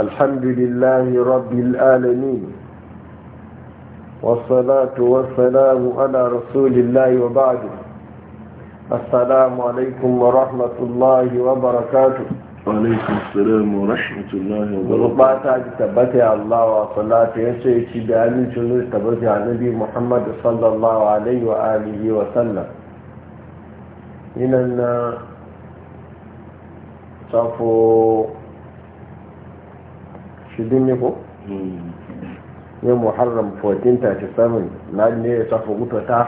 الحمد لله رب العالمين والصلاة والسلام على رسول الله وبعد السلام عليكم ورحمة الله وبركاته وعليكم السلام ورحمة الله وبركاته وبعد تبتع الله وصلاة يسعي تبعني شنو تبتع نبي محمد صلى الله عليه وآله وسلم إننا صفو shidin ne ko? ne hmm. muharram 1437 na ne ya tafi guta ta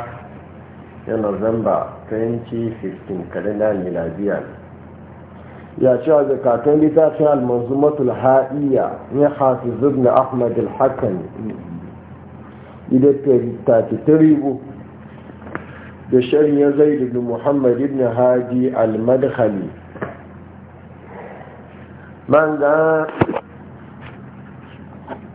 ya november 2015 kalina miladiya ya ce a zakatun littafin almanzumatul ha'iya ya hafi zubna ahmad al-hakan hmm. ida 33 da shari'a zai da muhammad ibn hadi al madhali man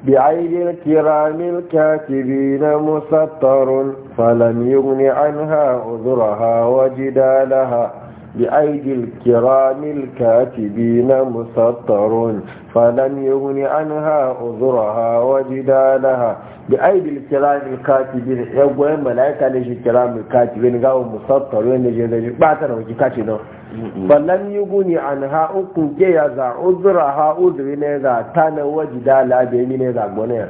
بعين الكرام الكاتبين مسطر فلم يغن عنها عذرها وجدالها بأيدي الكرام الكاتبين مسطر فلم يغن عنها أذرها وجدالها بأيدي الكرام الكاتبين يقول ملائكة لجي الكرام الكاتبين قاموا مسطر ونجي لجي باتنا وجي كاتبين فلم يغن عنها أكو كي يزع أذرها أذرين إذا تانا وجدالها بيمين إذا قلنا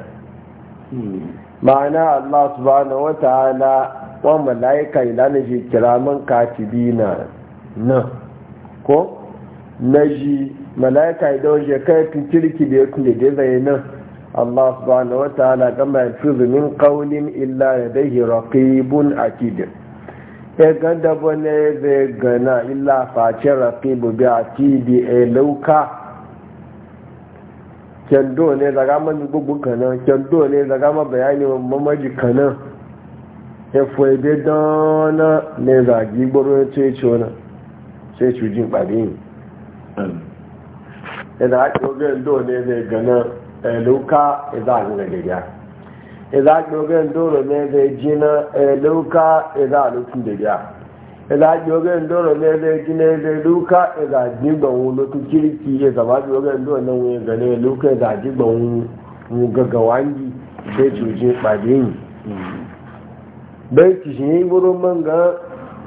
معنى الله سبحانه وتعالى وملائكة لنجي الكرام katibina na ko na ji mala'ika idan shi kai tun kirki da ya kule da zai nan Allah subhanahu wataala gama ya fi zumin kaunin illa bun raqibun atid e ganda ya zai gana illa face bu bi atid a lauka kendo ne daga man gugu kana kendo ne zaga ma bayani mamaji kana ya fo ebe dana ne zagi gboro ce ce wannan sai cujin ɓare yi idan ake ogen do ne zai gana ɗailuka idan a zai gariya idan ake ogen doro ne zai jina a gariya idan ake ogen doro ne zai jina ɗailuka idan a jigban wulotun kirki ya zama ake ogen doro ne wani gane ɗailuka idan a jigban gaggawangi sai cujin bai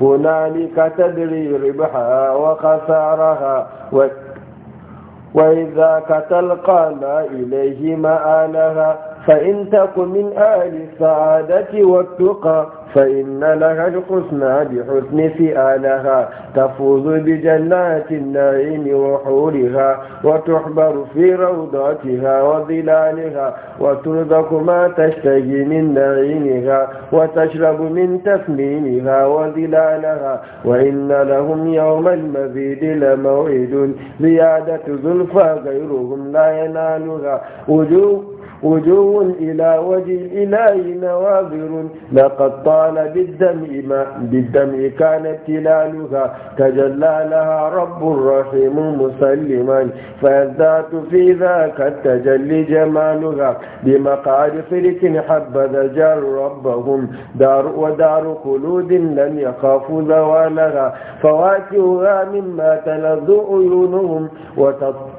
هنالك تدري ربحها وخسارها و... وإذاك تلقى ما إليه مآلها فإن تك من أهل السعادة والتقى فإن لها الحسنى بحسن فئالها تفوز بجنات النعيم وحورها وتحبر في روضاتها وظلالها وترزق ما تشتهي من نعيمها وتشرب من تسميمها وظلالها وإن لهم يوم المزيد لموعد زيادة زلفى غيرهم لا ينالها وجوه وجوه إلى وجه الإله نواظر لقد طال بالدمع ما بالدمع كان تلالها تجلى لها رب رحيم مسلما فيزداد في ذاك التجلي جمالها بمقعد فلك حبذا جار ربهم دار ودار خلود لم يخافوا زوالها فواكهها مما تلذ عيونهم وتطفى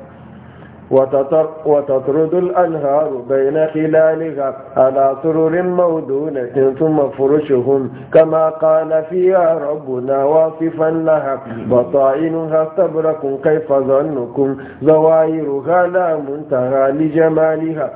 وتطرد الأنهار بين خلالها على سرر مودونة ثم فرشهم كما قال فيها ربنا واصفا لها بطائنها استبرق كيف ظنكم زوائرها لا منتهى لجمالها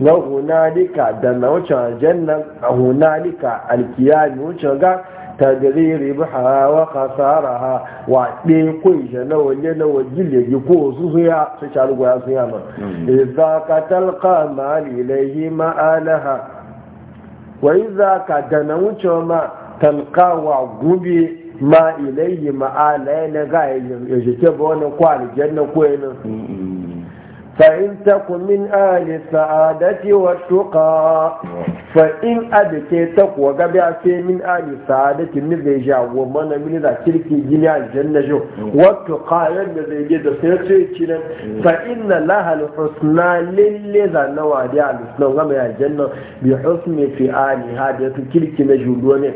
na hunalika da na wucin aljannan a hunalika alkiyami wucin ga tajiri ribaha wa khasaraha wa de kun je na waje na waje le ko su ya su charu goya su ya ma idza qatal qama ilayhi ma alaha wa idza kadana wuce ma talqa wa gubi ma ilayhi ma alaha ga ya je ke bo na ko aljanna ko yana فإن تكن من أهل السعادة والتقى فإن أبكيتك وقبعت من أهل السعادة من ذي جاء ومن من ذا تلك جميع الجنة جو والتقى يجب ذي جد سيرتينا فإن لها الحسنى للذا نوادي على الحسنى وغمي الجنة بحسن في آل هذا تلك نجولوني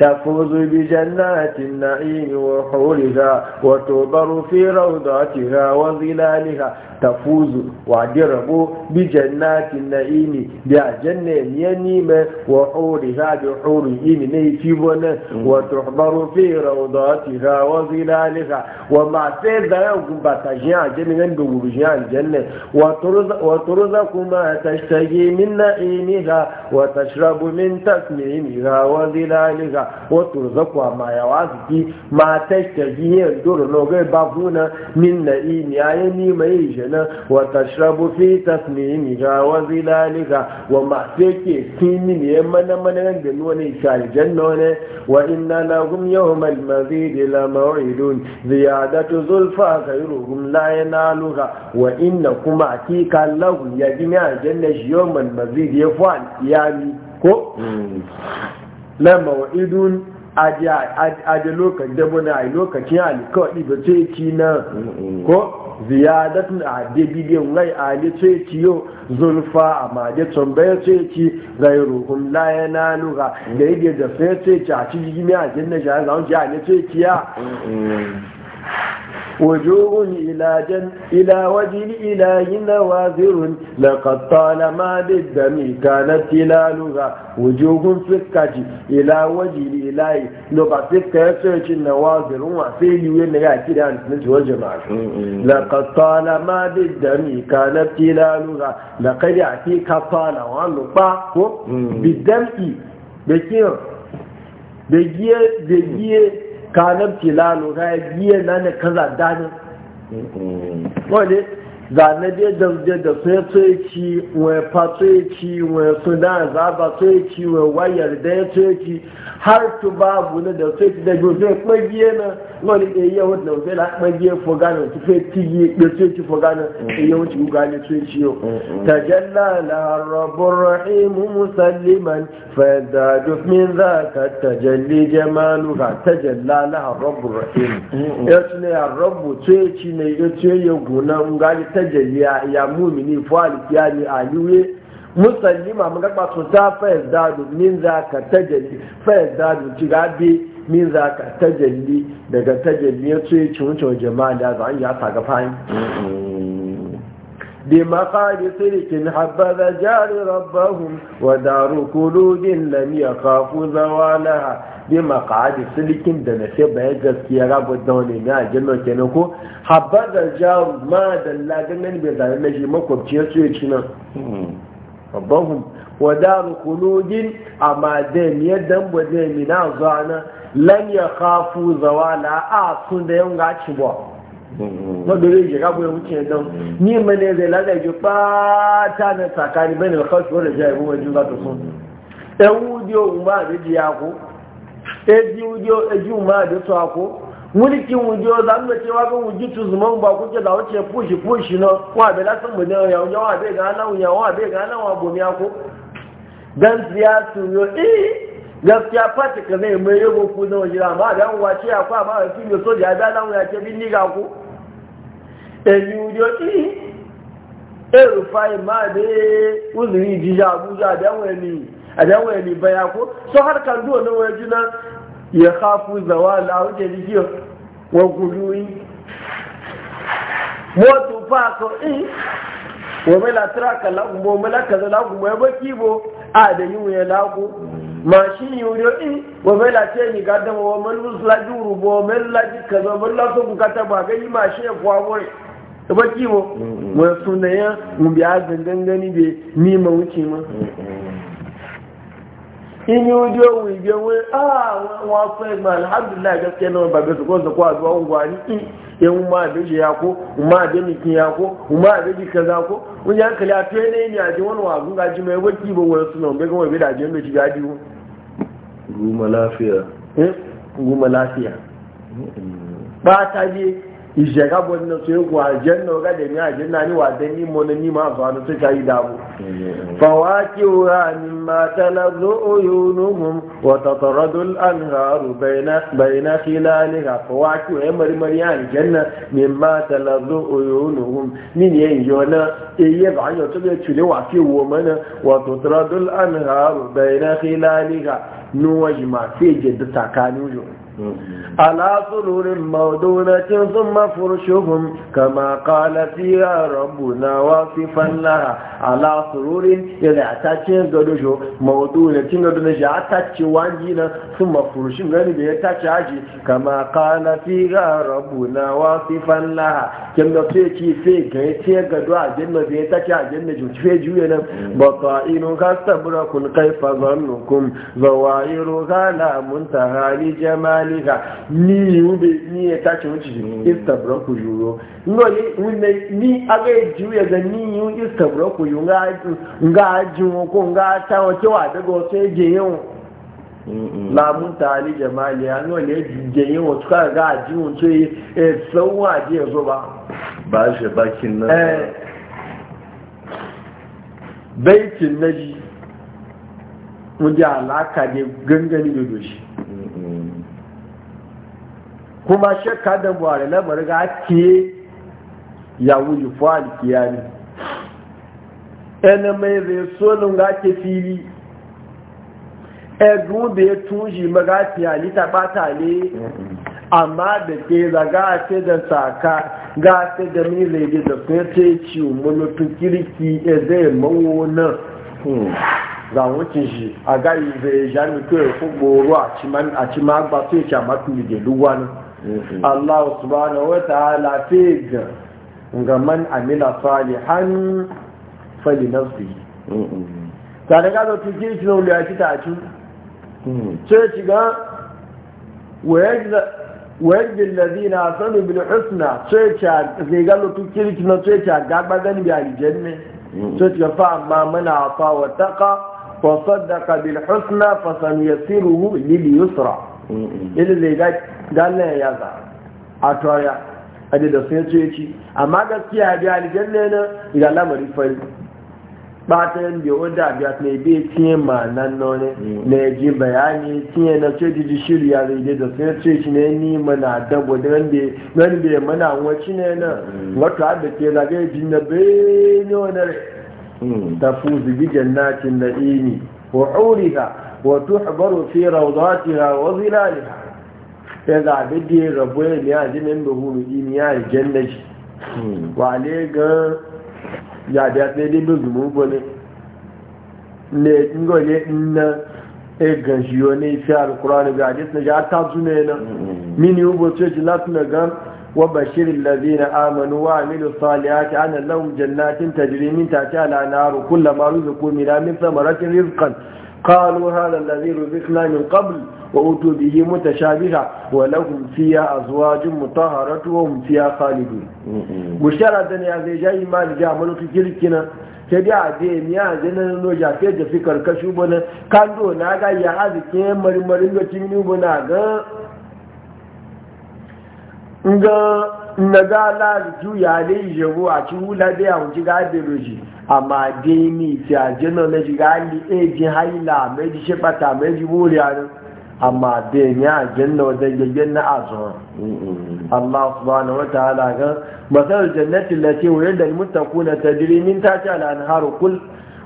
تفوز بجنات النعيم وحورها وتوبر في روضاتها وظلالها tafuzu wa di rabo bi jannatin na'imi bi ajanna ya nima wa huri ha bi huri ini ne fi bona wa tuhbaru fi rawdatiha wa zilaliha wa ma sai da yau kun ba ta shi ajanna ne da wuri shi ajanna wa turza wa turza kuma tashtaji min na'imiha wa tashrabu min tasmimiha wa zilaliha wa turza kuma ma yawaziki ma tashtaji ne dole no ga babuna min na'imi ayi ni mai na wata shirabu fi tasmini ga wazi lalika wa masu yake fini ne ya mana mana yan nuna? wani sharijan na wani wa inna lahum yau malmazi da lama'idun ziyadatu zulfa ga iruhun layan aluka wa inna kuma hakika lahum ya gini a janna shi yau malmazi da ya fuwa iyali ko lama'idun aje lokacin da muna a lokacin alkawari da ce ki na ko ziyadat a debiliyan lai a ne ce ci yau zulfa a maje da tambaye ce ci zai ruhun laye na nuka da yadda da sai ce ci a cikin gini a shi a zaunci a ne ce ci ya وجوه إلى, جن إلى وجه الإله نواذر لقد طالما بالدم كانت تلالها وجوه في الكج إلى وجه الإله نبع فكة يسويش النواذر وفيلي وين يأتي عن سنة والجماعة لقد طالما بالدم كانت تلالها لقد يأتيك طال ونبع بالدم بكير بجيه بجيه kanan filalo yi biye na ne kaza dani wani zane dai da zuje da su ya so ci wa fa so ci wa su da za ba so ci wa wayar da ya so ci har tu babu na da so ci da gobe ko biye na wọ́n ní èyí ẹ̀wọ̀n tí wọ́n fẹ́ lápẹ́jì ẹ̀fọ́ gánà tó fẹ́ tí yí pé tó ti fọ́ gánà èyí ẹ̀wọ̀n tí wọ́n gánà tó ti yọ. tàjẹ́lá làárọ̀ bọ̀rọ̀ ìmú musalliman ka tàjẹ́lé jẹ́ máa lù ha tàjẹ́lá làárọ̀ bọ̀rọ̀ ìmú. ẹ̀tù ni àrọ̀bù tó ti ní ètò ẹ̀yẹ̀gùn ni àyúwé musallima mun ga ta fa min za ka tajalli fa yazda ci min za ka tajalli daga tajalli ya tsoye wa jama'a da zan ya saga fahim بمقال صدق حبذ جار ربهم ودار قلوب لم يخافوا bi بمقعد صدق da na sai bayan gaskiya rabu da wani ne a jinnan kenan ko da jaru ma da lagunan bai zane na shi makwabci su ya ci nan rabbahum wa daru kulugin amma da miyar dambo zai mina zuwa lan ya kafu na a sun da yau ga ci ba magari ya ga ya wuce nan ni mene zai lada ji ba ta na tsakani bane da ewu wanda ya yi wajen za ta sun ɗan wudiyo umma da jiya ko ɗan wudiyo ɗan umma da su ko mulkin wujo za mu ce wa kan wujitu zuman ba kuke da na wa be la san mun ya wa be ga nan wa be ga nan wa bomiya dan siyasa yo eh gaskiya fata ka zai mai yabo ku na waje amma da an wace ya kwa ma fi ne soja ya dala mu ya ce bin niga ku en yujo i e rufai ma de uzuri jija abuja da wani a da wani baya ko so har kan do na waje na ya khafu zawala wuce jiyo wa gudui motu fa ko i wa mala traka la mo mala kaza la mo ba kibo a da yi mu la ko mashi yuriyo in eh, wa mai lafiya ni ga dama wa mai laji urubo wa mai laji kaza mai laso bukata ba gani mashi ya kuwa wai da baki mo wa sunaya mu biya gangan gani be ni ma wuce ma in yi wujo wu ibe we a ah, wa fa ma alhamdulillah gaskiya na ba gasu ko ko azuwa ungwani in mm. yan ma da ya ko ma da miki ya ko ma da ji kaza ko mun ya a fe ne ni a ji wani wa gunga ji mai waki ba wani suna, be ga wai da ji mai ji gadi goma lafiya eh, mm-hmm. ba ta je ìṣẹ̀ká bọ̀ nínú tó yẹ́kùn àjẹ́ náà ọ̀gá dẹ̀mí àjẹ́ náà níwà dẹ́ ní mọ́ ní ní máa fàánù tó ṣe ìdààmú. fàwa kí o ra ni máa tẹ́lá ló oyè onóhùn wọ̀tọ̀tọ̀rọ̀ tó àmìhà rò bẹ̀yìnà kí láàrin rà fàwa kí o ẹ̀ mọ̀rìmọ̀rì àjẹ́ náà ni máa tẹ́lá ló oyè onóhùn nínú ẹ̀yọ́ náà èyí ẹ̀ báyọ̀ tó bẹ̀ tù níwà kí wọ́ mọ́nà wọ̀tọ̀tọ̀rọ̀ tó àmìhà rò bẹ̀yìnà kí láàrin rà níwọ̀n yìí máa fi على سرور مودونة ثم فرشهم كما قال فيها ربنا واصفا لها على سرور يدع تاتشين قدوشو موضونة قدوشو عتاتش وانجينا ثم فرشهم غني بيه عجي كما قال فيها ربنا واصفا لها كم نفسي في كيتين قدوع جنة بيه تاتشا جو في جوينا بطائن استبرق كيف ظنكم زوائرها لا منتهى لجمال tsakani ga ni yube ni ya e tace wuce shi istabroku yuro no ye wunne ni aga e juya ga ni yu istabroku yu nga nga jiwo ko nga tawo ke wa daga sai je yau lamun tali jamali ya no ne je yau to ka ga jiwo ce e sauwa je e zo ba ba shi bakin nan eh baitin naji mu ji alaka ne gangani da doshi kuma shakka da buhari lamarin ga ake ya wuyi fuhari kiyani ẹni mai resolin ga ake fili ẹgbùn e da ya tunji maga tiyali ta bata ne amma da ke zaga ce da saka ga ce da mai rage da kuma ce ci manufin kirki ya e zai mawo nan hmm. wucin shi a gari zai jami'ai kawai fi goro a cima gba sai ya ce a mafi da luwa nan Mm-hmm. Allah subhanahu wa ta'ala fi ga man amila salihan fali nafsi mm-hmm. ta da gado tuke shi na wuli a ta ci ce ci ga wayajin lazi na sanu bil husna ce ci a zegalo tuke shi na ce ci a gaba gani bi alijan ne mm-hmm. ce ci ga fa amma mana fa wa taqa wa saddaka bil husna fa san yasiruhu lil yusra ilile galle ya za a toya a da sun yace ci amma gaskiya biya aljanna na ga lamari fari batan da wanda biya ne bi tiye ma nan none ne ji bayani tiye na ce ji shirya da da sun yace ci ne ni mana dabo da wanda wanda mana wace um, mm. ne mm. na wato da ke zagaye jin na bai ne wannan tafuzu bi jannatin na'imi wa uriha وتحبر في روضاتها وظلالها إذا عبدي ربوين يا جنن بهم يا الجنة وعليك ya da ɗaya dai bin zumu bane ne ingo ne inna e ganshi yo ne fi alkurani ga hadis na ja ta zune na mini ubo ce ji lati na gan wa bashir allazina amanu wa amilu salihati ana lahum jannatin tajri min tahtiha al-anhar kullama ruziqu min قالوا هذا الذي رزقنا من قبل وأتوا به متشابهة ولهم فيها أزواج مطهرة وهم فيها خالدون مشترى يا زي جاي ما رجع ملوك كيركنا sai a je ni a je na no ja ke da fi karkashu bana kan do na ga ya hazi ke marmarin da cin ni bana ga na za la juya ne yabo a ci wula da yawon ji gaɗe roji amma dai ni ti a jino na ji gaɗe e ji haila me ji shifata me ji buriya a amma dai ni a jino da yayyen na azuwa Allah subhanahu wa ta'ala ga masal jannati lati wa yadda almuttaquna tajri min tahtiha al-anharu kul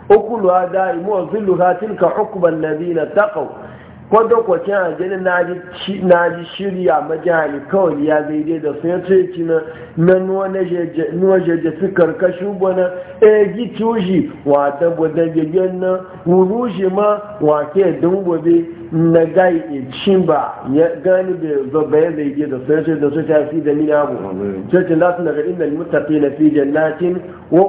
ukuluha da'imu wa dhilluha tilka uqba alladhina taqaw ko dokokin aljini na ji shirya majali kawai ya zai da ya yace ci na na nuwa jeje su karkashi gona e gi tushi wa dabo da gegen na wurushi ma wa ke dungobe na gai e cin ba ya gani da zaba ya zai da da ya ce da su ta fi da nina abu cikin latin daga inda mutafi na fi jannatin wa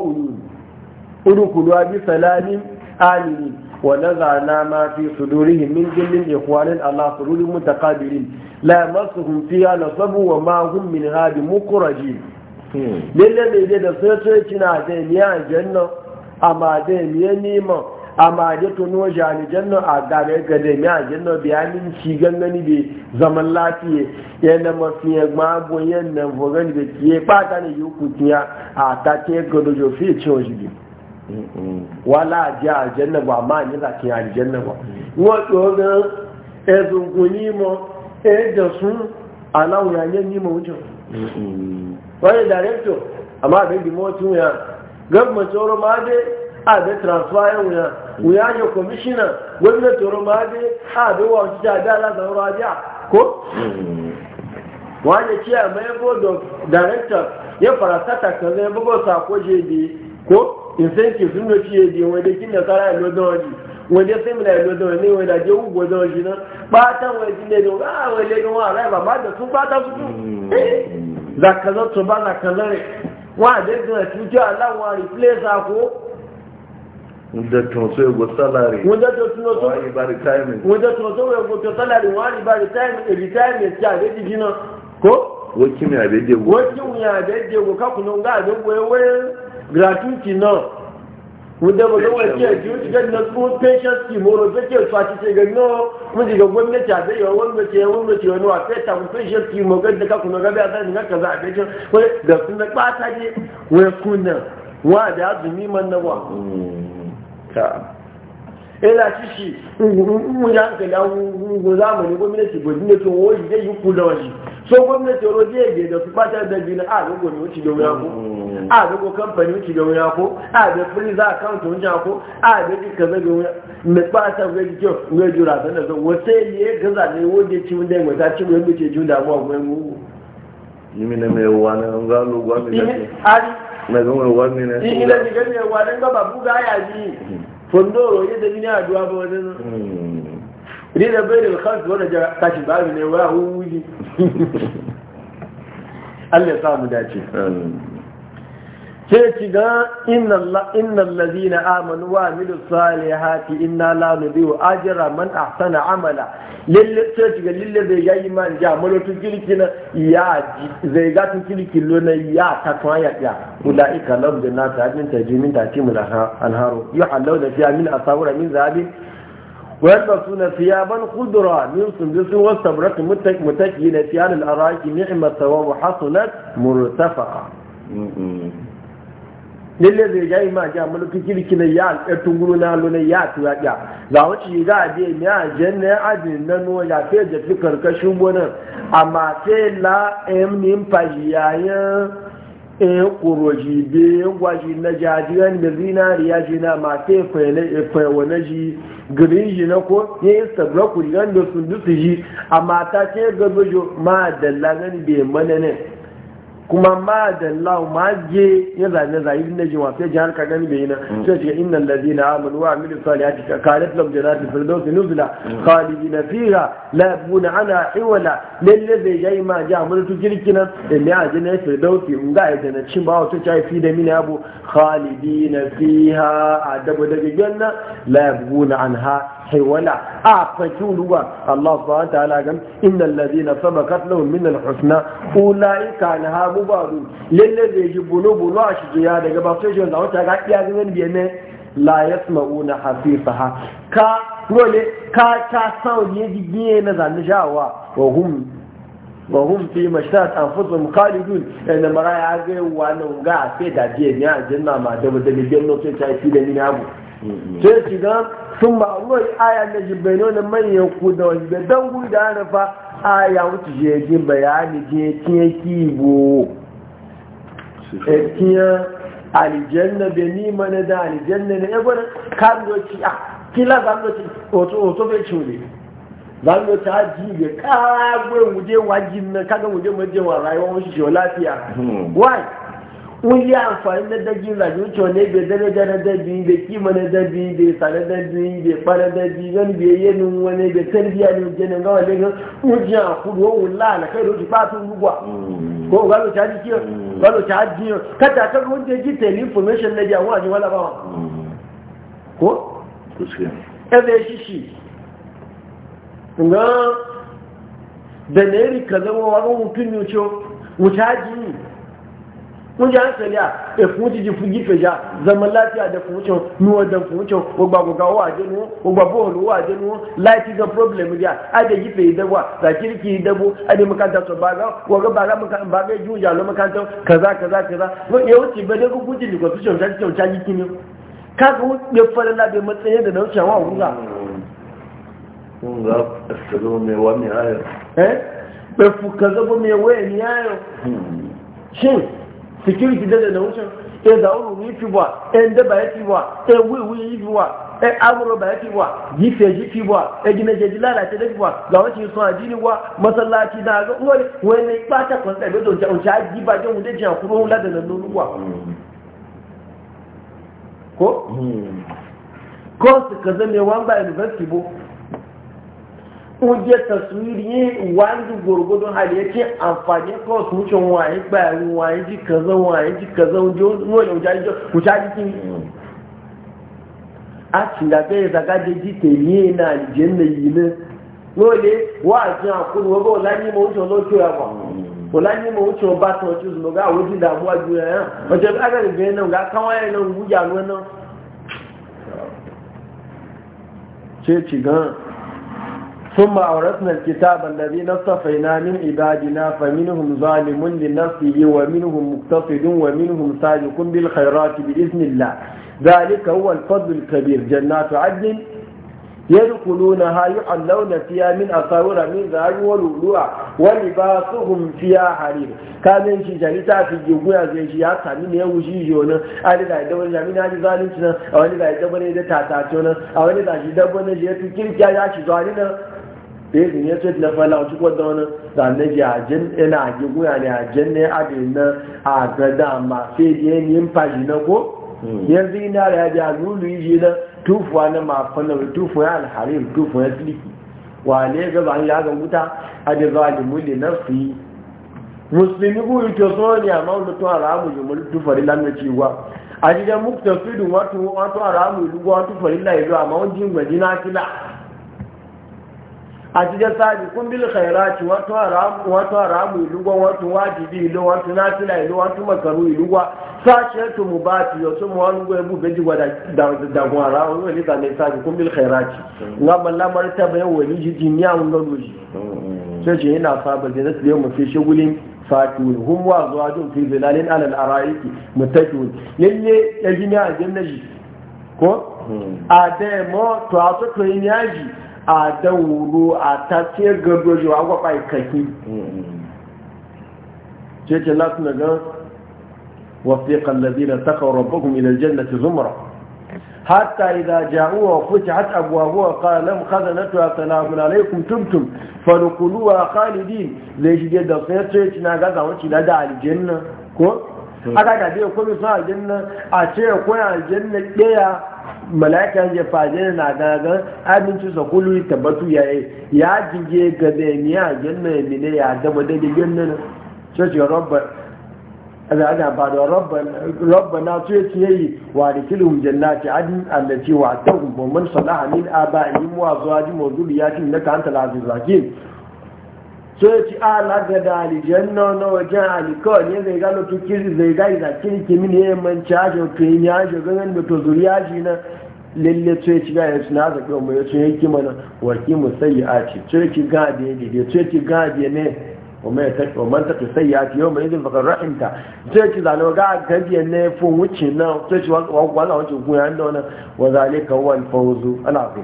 uru kuduwa bi salamin aminin ونزعنا ما في صدورهم من جل إخوان على صدور متقابلين لا يمسهم فيها نصب وما هم منها بمخرجين lalle mai da sojoji na da miya a janna a ma da miya nima a ma da tuno jani janna a gare ga da miya a janna bayanin ci gangani bai zaman lafiya yana mafi magoyan nan fogan da ke bata ne yi a ta ce ga jofi wala ji aljanna ba ma ni za ki aljanna ba wọ́n tó gan ẹ̀sùn kò ní mọ́ ẹ̀ẹ́dẹ̀ sún aláwọ̀ ya ní mọ́ oúnjẹ wọ́n ni dàrẹ́tọ̀ àmọ́ àbẹ́bí mọ́ tí wọ́n yà gọ́ọ̀mẹ̀tì ọrọ̀ máa dé àbẹ́ transfer ẹ̀ wọ́n yà wọ́n yà yọ kọmíṣínà gọ́ọ̀mẹ̀tì ọrọ̀ a dé àbẹ́ wọ́n ti àbẹ́ alásàwọ̀rọ̀ ajá kó wọ́n á yẹ kí àmọ́ ẹ̀ bọ́ọ̀dọ̀ dàrẹ́tọ̀ kan lẹ́ bọ́ọ̀ sàkójẹ́ di ko. incentive sun da ciye je wanda kin da sara ya lodon wani wanda sai mu da ne wani wanda je u gozon shi nan ba ta wani ne don a wani ne wa rai ba ba da sun ba ta su za ka zo to ba za ka zare wa da ga tuji Allah wa replace ko wanda to so go salary wanda to so so wa ba retirement wanda to so go to salary wa ba retirement retirement ya da jina ko wakin ya da jego wakin ya da jego ka kunun ga da goyen gratuity náà wọ́n dẹ́gbọ́ lọ́wọ́ ẹ̀kẹ́ ẹ̀kẹ́ ó ti gẹ́ ní ọdún patient scheme ó rọ̀ pẹ́kẹ́ ètò àti ṣe gẹ̀ náà wọ́n ti gbogbo méjì àbẹ́yọ̀ wọ́n méjì ẹ̀ wọ́n méjì ọ̀nà àfẹ́ta wọ́n patient scheme ọ̀gá ìdẹ́ka kùnà ọ̀gá bí adáni ní kàkàzà àgbẹ́jọ́ wọ́n gẹ̀kún mẹ́ pátáyé wọ́n ẹkún náà wọ́n àdé àdùn ní mọ́ so gwamnati roje ya da su bata da jini a dogo ne wuce gawuya ko a dogo kamfani wuce gawuya ko a da freezer account wuce ko a da ji kaza gawuya me bata ga ji kyau ga jura da da wace gaza ne ci mun dai wata ci mun ce jun da mu akwai yimi ga ya ji hmm. fondoro ya da rina bayan alkhas wanda ja tashi babu ne wa huji Allah sa mu dace sai ci ga inna Allah amanu wa amilu salihati inna la nudhi'u ajra man ahsana amala lalle sai ci ga lalle bai ga iman ja malo tu kirki na ya zai ga tu kirki lo na ya ta to ya ya ulaika lahum jannatu adnin tajri min tahtiha al-anharu yuhallawna fiha min asawira min zahabin ويلبسون ثيابا خضرا من سندس واستبرق متكئين في على الارائك نعم الثواب حصلت مرتفعه lalle zai ga ima ga mulki kirki ne ya alƙatun guru na lune ya tuya ya za wace yi ga abe ne a janna ya ajin na nuwa ya fe da fi karkashin bonan amma sai la em ne fajiyayen in e, kuroji be gwaji na jajiran da zinariya ji na masu ifewa e, na ji girin ji na ko ya yi sabra kuriran da sun dusu ji a mata ce gado ma da lagani bai mana ne kuma ma da lau ma je ya zane zai na jima mm. sai ji harka gani bai na sai ce inna allazina amanu wa amilu salihati ka kalat lahum jannatul firdaus nuzula mm. khalidina fiha la yabuna ana iwala lalle zai yayi ma ja mun tu kirkina da ne a jinai firdaus in ga ya dana cin ba wato chai fi da mini abu na khalidina a adabu daga janna la yabuna anha hiwala a faki ruwa Allah subhanahu wa ta'ala gam innal ladina sabaqat lahum min al-husna ulaika anha samu balu lalle da yaji bulu bulu a shi jiya daga ba sai jiya zawata ga iya zan biye ne la yasma'u na hafifaha ka role ka ta sau ne jiye na zanni jawa wa hum wa hum fi mashat anfusum qalidun inna maraya ga wannan ga sai da biye ne a janna ma da da biyan no sai sai da ni sai shiga sun ba Allah ayan da jibbaino manyan ku da wajibai don gudanar fa aya wuce je bayani je tiye kiwo e tiye alijanna be ni mana da alijanna ne ebo kan a ah, kila zan oto be chule zan a ji be wuje wajin na kaga wuje majewa rayuwa wasu shi lafiya hmm. why mun yi amfani da daji zaji wucewa ne bai dare da na dabi bai kima na dabi bai da dabi bai fara dabi gan bai yanin wani bai tarbiya ne janin gawa ne gan wuce a kudu wani wula na kai rotu ba sun gugwa ko galo ta ji kiyar galo ta ji kiyar kata kan wanda ji tele information na jawo a ji wala bawa ko? ebe shi shi nga da na iri ka zama wani mutum ne wuce wuta ji kun ji hankali a efun eh, ti gife ja zaman lafiya da fun wucin da fun wucin gbogbo wa je gbogbo boholu wa je nuwa ga problem ja a da gife idagwa da kirki idagbo a da makanta to baga waga baga baga ju ja lo makanta kaza kaza kaza ya wuce ba da gugunji ni ko su shauta shauta yi kini ka ga wuce fara labe matsayin da na wuce wa wuga mai wa mai ayo eh mai ni ayo hmm. shin security da na wucin e da uru e e yi fi wa e nda ba ya fi wa e wiwi yi fi wa e amuro ba ya fi wa yi fe ji fi wa e gina jeji lalace da fi wa ga wacce yi sun adini wa masallaci na ga wani wani ɓata kwanza ibe don ja'un aji ba jan wuce jiya kuro wula da nan nunuwa ko hmm. ko su ka zame wan ba university bo oúnjẹ taswiri yìí wà ń du gbòrògbòdò hali yẹ kí àǹfààní kọ́ sùnwúṣọ wọn àyè gbà ẹ̀rù wọn àyè jí kẹsàn wọn àyè jí kẹsàn oúnjẹ wọn a wùjáde jọ wùjáde kí ni. a sì dàgbé ìdàgájẹ jí tèmi náà àlìjẹ ń lè yìí ní. lóòlé wọ́n àti àkóni wọ́n bá ọ̀la ní mọ̀ oúnjẹ lọ́jọ́ ẹ̀ wọ̀ ọ̀la ní mọ̀ oúnjẹ ọba tó ọjọ́ sùn lọ́gá àwọn ojú ìdààmú àjù ẹ̀ hàn ọjọ́ agbẹ̀rẹ̀ náà káwọn ẹ̀ náà wújà lọ́nà. ṣé ti gan-an ثم أورثنا الكتاب الذي نصفينا من عبادنا فمنهم ظالم لنفسه ومنهم مقتصد ومنهم سابق بالخيرات بإذن الله ذلك هو الفضل الكبير جنات عدن يدخلونها يحلون فيها من أساور من ذهب ولؤلؤا ولباسهم فيها حرير كان يمشي جريتا في جوجويا زي شي حتى من يوجي جونا أنا لا يدور جميل أنا ظالم شنا أو أنا لا يدور إذا تاتاتونا أو أنا لا يدور إذا تكير كيا شي ظالمنا ɗaya ya ce na fala wacce kwa da wani zane ji ajin ina a giguya ne ajin ne a da na a gada ma sai da yin yin fashi na ko hmm. yanzu ina da ya ji a lulu yi na tufuwa na mafana tufuwa alharim tufuwa siliki wa ne ga ba ya ga wuta a da za a mulli na su yi musulmi ku yi to so ne amma wani tun haramu ji mulli tufari lamme cewa a jidan mukta su wato wato haramu ilu wato farilla ilu amma wani jin gwaji na kila a cikin sami kun bi khairati wato haramu wato haramu ilugwa wato wajibi ilu wato nafila ilu wato makaru ilugwa sashe to mubati yo so mu wani go ebu beji wa da da go ara o ni ka ne sami kun bil khairati nga malla marta bai wani jiji ni an ga doji mm. sai ce yana saba da nasu yau mafi shigulin fatun hum wa zuwajun fi zilalin alal araiki mutakun yalle yaji ni a jannaji ko mm. a da mo to a to to yaji a dawuru a ce gargajo a gwaba ikaki ce ce lati na gan wafi kallabi na taka rabbakun ilal jannati zumara hatta idza ja'uha futihat abwabuha qala na khazanatuha salamun alaykum tubtum fadkhuluha kalidi zai shige da sai ce na gaza zawo ci da aljanna ko hmm. aka da bai ko mi sa aljanna a ce ko aljanna ɗaya malaka ya faje na gaga abinci sa kullu tabatu ya yi ya jige ga da miya janna mine ya da bada da janna sai ga rabba Allah ana ba da na su yake yi wa da kilhum jannati adin allati wa ta'um man salaha zuwa aba'ihim wa azwajihim wa dhurriyatihim laka antal azizul hakim so ya ci ala ga da alijan na na wajen alikawa ne zai gano to kiri zai ga iza kiri kimi ne ya manci ajo to yi ajo ganin da to zuri aji na lalle so ya ci ga ya ci na zaɓi mu ya so ya kima na warki mu sai ya ci so ya ci ga da ya dide so ya ci ga da ne o mai ta o man ta sai ya ci yau mai zai fakar rahimta so ya ci zalo ga gajiya ne fun wuce na so ya ci wala wuce kuma ya nuna wa zalika wal fawzu ala ku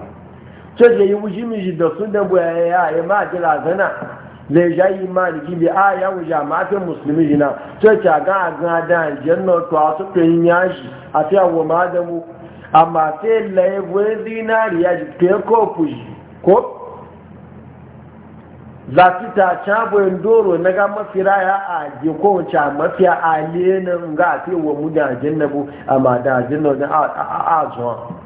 so ya yi wuji miji da sun da buya ya ya ma jira zana zai ja imani gibi a ya wuja mafin musulmi jina to ta ga ga da janna to a su kan yashi a ta wa madamu amma sai laye wani zinari ya jike ko fuji ko za su ta doro na ga mafira ya a je ko wace mafiya a lenin ga a fi wa mu da jannabu amma da jannabu a zuwa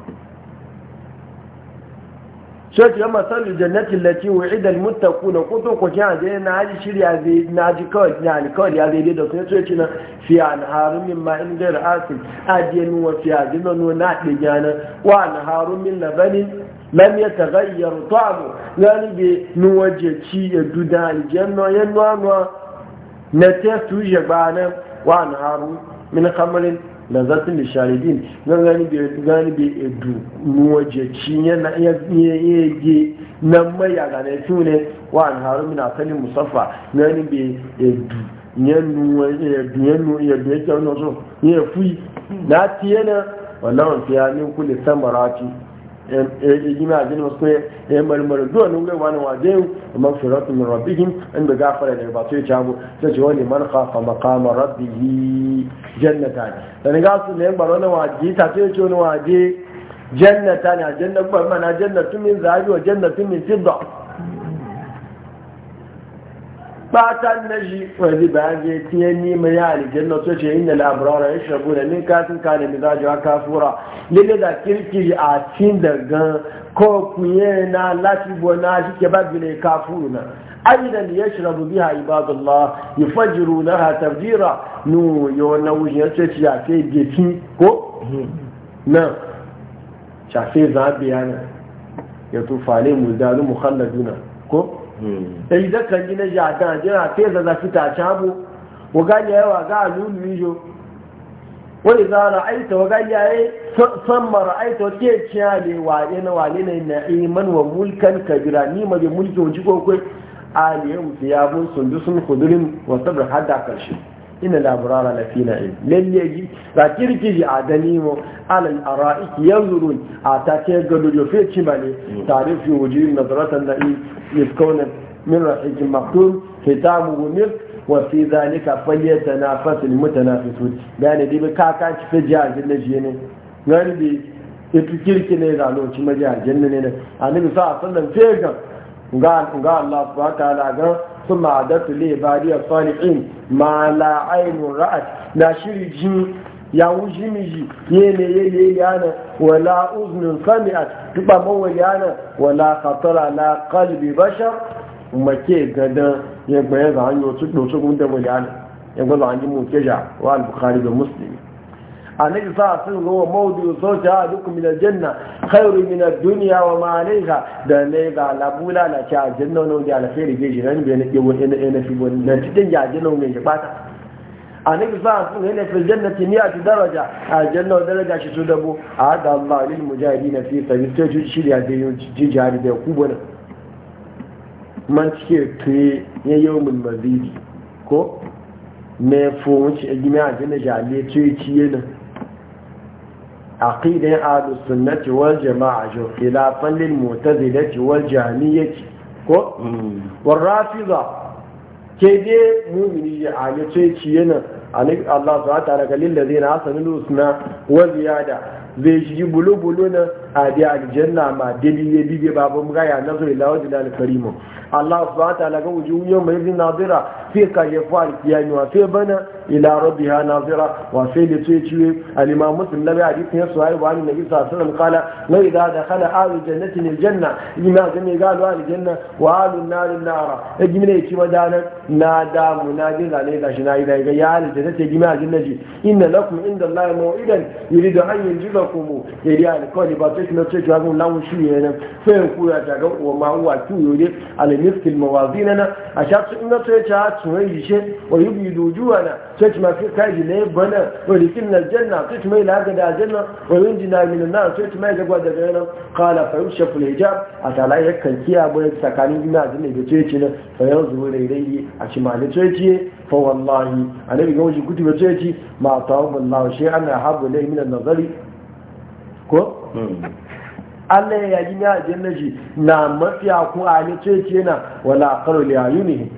sai ya masalu jannatin lati wa'ida almuttaquna ko to ko jan da na ji shirya zai na ji kawai na alkawari ya zai da sai sai na fi anharu min ma'in ghayr asin adiyan wa fi adinan na digana wa anharu min labanin lam yataghayyar ta'amu galibi nuwaje ci ya duda aljanna yanwa na testu ya bana wa anharu min khamrin lazatun da sharidin gangani bai gani bai edu muwajeci yana yage nan mai a gane su ne wa an haru mina kalin musaffa gani bai edu yanu yanu yanu yake wani wasu ya fi na tiyana wannan fiya min kulle samarati ijima jini wasu ya marmarin duwa nunga wani waje yau a mafiratu min rabbihim inda gafara da ba su ya cago ta ce wani man kafa makama rabbihi jannata ne da ni gasu ne baro na waje ta ce ce wani waje jannata ne a jannatan mana jannatun min zahabi wa jannatun min fidda batan na shi wani ba ya tiye ni mai ya alijin na soce yin da labarara ya shabu da min katin ka da mizaji wa kafura lele da kirkiri a cin daga ko kunye na lati bona shi ke ba bile kafuru na da ya shirabu biya ibadullah ya fajiru na ha tabjira nu yi na wuce ya soce ya ke gefi ko na shafe zabiya na ya tufa ne mu dalu mukhalladuna ko da hmm. sai zakan gina jada jira fesa za fita cabo wagan yawa za ga alulu yijo wani za ra'aita wagan yaye san ma ra'aita ke ciya ne wale na wale na na'iman e wa mulkan kabira ni ma bi mulki wajen kokwai aliyu siyabun sundusun kudurin wasu da hada karshe ina labarara na fi na'im lalle kirkiri a gani mu alal ara'iki a ta ce gado yofe cimale tare fi wujuyin nazaratan na'im yifkaunan min rahikin maktum zalika fayyata na fasil mutanafisun gane dibi kaka ci fi jihar jinna shi ne gani ita kirki ne da lokaci maji ne annabi ga Allah subhanahu wa ta'ala ga ثم عدت لعبادي الصالحين ما لا عين رأت لا شرجي ya wuji miji yene yene yana wala uznun sami'at tuba mawa yana wala khatara la qalbi bashar make gada ya gbaye za hanyo su dosu gunda yana ya gbaza wa al-bukhari da Musulmi. annabi sa sun zo maudu soja a duk min aljanna khairu min ad wa ma da ne ga labula na ci aljanna no da alkhairi ge jiran be ne ke wani ne ne fi wani na cikin ya aljanna ne ke bata annabi sa sun ne fi jannati ni a daraja aljanna shi su dabo a da Allah lil mujahidin fi sabili shi ya da jijari da kubana man cike tuye ya yau mun mazidi ko me fo wuce a gina a aqidan ahlus sunnati wal jama'a jo khilafan lil mu'tazilati wal jahmiyati ko wal rafiza ke de mu'mini ya alice ci yana anik Allah subhanahu wa ta'ala kallil ladina asanu usna wa ziyada zai shi bulu bulu na abi aljanna ma dili ya bibe babu mugaya nazo ila wajin alkarimu Allah subhanahu wa ta'ala ga wujuhu yawma idhin nadira fi kayfa alqiyam wa fi bana ila rabbiha nadira wa fi litiyi al-imam muslim nabi hadith ya sahih wa annabi sallallahu alaihi wasallam qala la idha dakhala ahlu jannati aljanna ima gani galu Janna wa ahlu nar an-nar ejimi ne ci madana na da munajin zane da shi na nayi da ya aljannati ejimi aljanna ji inna lakum inda Allah maw'idan yuridu an yunjilakum yadi alqali ba hadith na ce jago lawun shi ne nan sai ya kuya daga wa ma wa ki yore al miskil mawazin na a sha su ina sai ta tsoyi shi wa yubidu juwana sai ma fi kaji ne bana wa likin al janna sai ma ila ga da janna wa yunjina min na sai ma ga gwa daga nan qala fa yushaf al hijab atala yakan kiya bai tsakanin gina da ne da ce ce na fa yanzu da idan a ci ma da ce ce fa wallahi annabi ga wuce kutuba ce ce ma ta'awallahu shay'an ahabu ilayhi min an nazari ko Allah ya yi ya na shi na mafiya kun a ne ce ce na wala karo yayu ne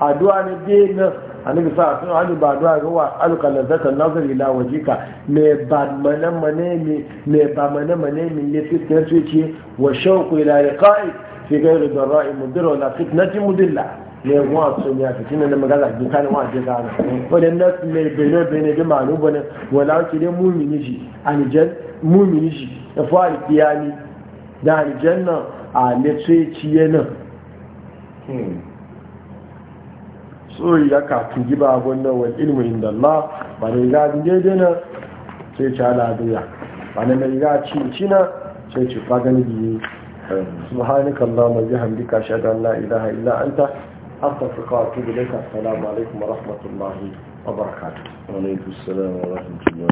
addu'a ne dai na annabi sa sun hannu ba addu'a ga wa alƙalar zata nazar ila ka, me ba mana mane me me ba mana mane me ya fi ta ce wa shauku ila kai, fi ghairi dharra'i mudilla wala fitnati mudilla ne wa sun ya cinna na magana bi kan wa je ga na wannan na me bene bene da malu bane wala ki dai mu'mini ji aljan mu'mini ji da fa alkiyami da aljanna a letse ciye nan tsori hmm. ya kafin giba wannan wani ilmu inda Allah ba da riga daidai na sai ci ala doya ba na riga ci cina sai e ci fagani biyu subhanaka Allahumma bihamdika ashhadu an la ilaha illa anta astaghfiruka wa atubu ilaik assalamu alaikum wa rahmatullahi wa barakatuh wa alaikum assalam wa rahmatullahi